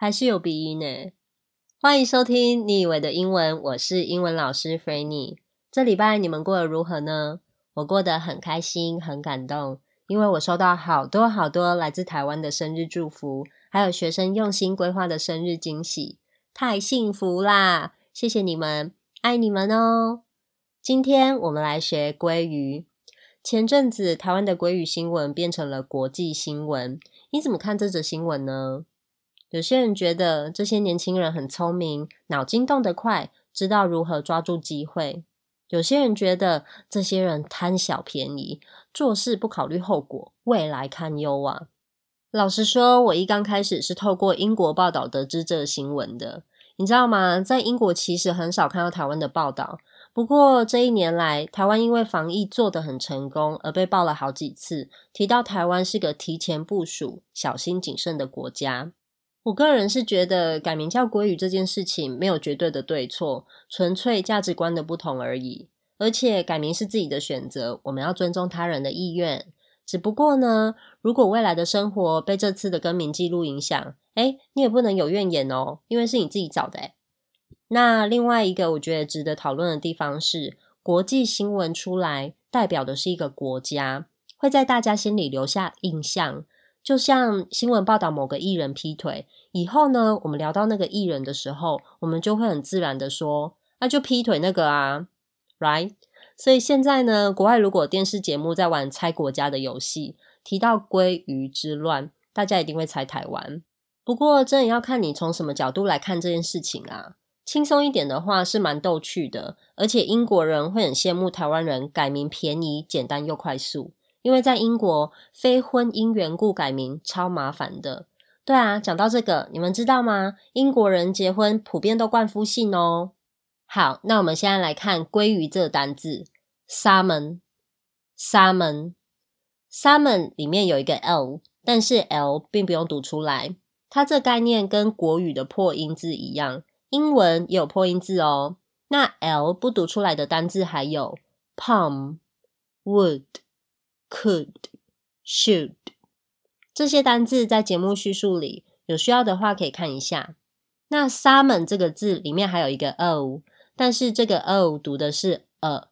還是有鼻音呢。歡迎收聽《你以為的英文》，我是英文老師 Frannie。這禮拜你們過得如何呢？我過得很開心，很感動，因為我收到好多好多來自台灣的生日祝福，還有學生用心規劃的生日驚喜，太幸福啦！謝謝你們，愛你們哦。今天我們來學鮭魚。前陣子台灣的鮭魚新聞變成了國際新聞，你怎麼看這則新聞呢？有些人覺得這些年輕人很聰明，腦筋動得快，知道如何抓住機會；有些人覺得這些人貪小便宜，做事不考慮後果，未來堪憂啊。老實說，我一剛開始是透過英國報道得知這新聞的，你知道嗎？在英國其實很少看到台灣的報道，不過這一年來，台灣因為防疫做得很成功，而被報了好幾次，提到台灣是個提前部署、小心謹慎的國家。我個人是覺得改名叫鮭魚這件事情沒有絕對的對錯，純粹價值觀的不同而已。而且改名是自己的選擇，我們要尊重他人的意願。只不過呢，如果未來的生活被這次的更名記錄影響，誒，你也不能有怨言哦，因為是你自己找的。誒，那另外一個我覺得值得討論的地方是，國際新聞出來代表的是一個國家，會在大家心裡留下印象。就像新聞報道某個藝人劈腿以後呢，我們聊到那個藝人的時候，我們就會很自然的說，那就劈腿那個啊，right？所以現在呢，國外如果電視節目在玩猜國家的遊戲，提到“鮭魚之亂”，大家一定會猜台灣。不過，這也要看你從什麼角度來看這件事情啊。輕鬆一點的話，是蠻逗趣的，而且英國人會很羨慕台灣人改名便宜、簡單又快速。因為在英國，非婚姻緣故改名超麻煩的。對啊，講到這個，你們知道嗎？英國人結婚普遍都冠夫姓哦。好，那我們現在來看鮭魚這個單字，salmon，salmon，salmon 裡面有一個 l，但是 l 並不用讀出來。它這概念跟國語的破音字一樣，英文也有破音字哦。那 l 不讀出來的單字還有 palm，would。Palm, would, Could, should，這些單字在節目敘述裡有需要的話可以看一下。那 salmon 這個字裡面還有一個 o，但是這個 o 讀的是 a，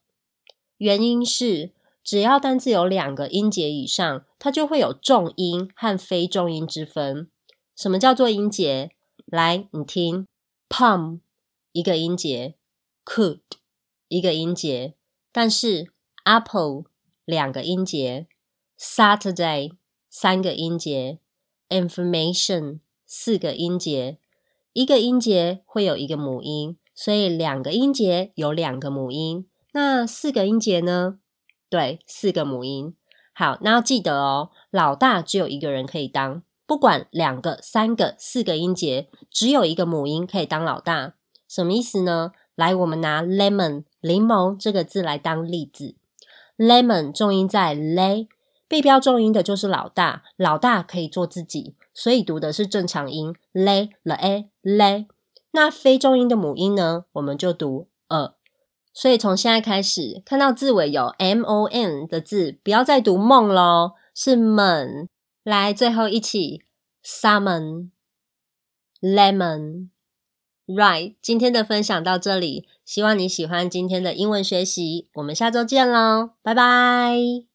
原因是只要單字有兩個音節以上，它就會有重音和非重音之分。什麼叫做音節？來，你聽，palm 一個音節，could 一個音節，但是 apple。兩個音節，Saturday，三個音節，information，四個音節。一個音節會有一個母音，所以兩個音節有兩個母音。那四個音節呢？對，四個母音。好，那要記得哦，老大只有一個人可以當，不管兩個、三個、四個音節，只有一個母音可以當老大。什麼意思呢？來，我們拿 lemon，檸檬這個字來當例子。Lemon 重音在 le，被標重音的就是老大，老大可以做自己，所以讀的是正常音 le，l a l e。那非重音的母音呢，我們就讀 A、呃。所以從現在開始，看到字尾有 m o n 的字，不要再讀夢嘍，是 mon。來，最後一起，salmon，lemon。Salmon, lemon Right，今天的分享到這裡，希望你喜歡今天的英文學習。我們下周見嘍，拜拜。